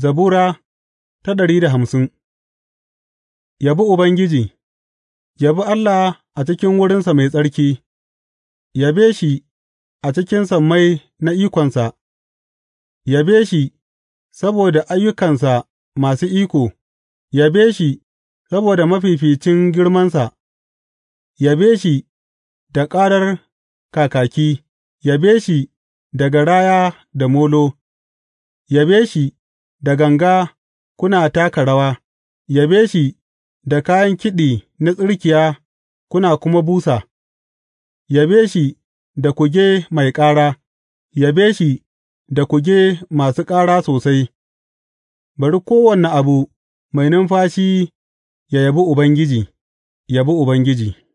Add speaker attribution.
Speaker 1: Zabura ta ɗari da hamsin Yabi Ubangiji, yabi Allah a cikin wurinsa mai tsarki, yabe shi a cikin sammai na ikonsa, yabe shi saboda ayyukansa masu iko, yabe shi saboda mafificin girmansa, yabe shi da ƙarar kakaki, yabe shi da garaya da molo, yabe shi da ganga kuna taka rawa, yabe shi da kayan kiɗi na tsirkiya kuna kuma busa, yabe shi da kuge mai ƙara, yabe shi da kuge masu ƙara sosai, bari kowane abu mai numfashi ya yabi Ubangiji,
Speaker 2: yabi Ubangiji.